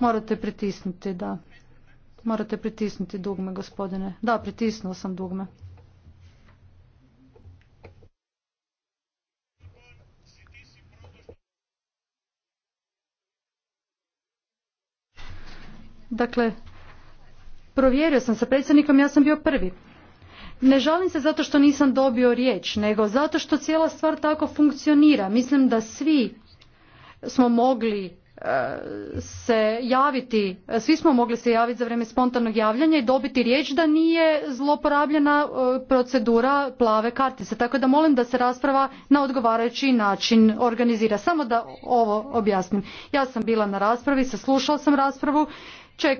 Morate pritisnuti, da. Morate pritisnuti dugme, gospodine. Da, pritisnuo sam dugme. Dakle, provjerio sam sa predsjednikom, ja sam bio prvi. Ne žalim se zato što nisam dobio riječ, nego zato što cijela stvar tako funkcionira. Mislim da svi smo mogli se javiti, svi smo mogli se javiti za vrijeme spontanog javljanja i dobiti riječ da nije zloporabljena e, procedura plave kartice. Tako da molim da se rasprava na odgovarajući način organizira. Samo da ovo objasnim. Ja sam bila na raspravi, saslušao sam raspravu, čekala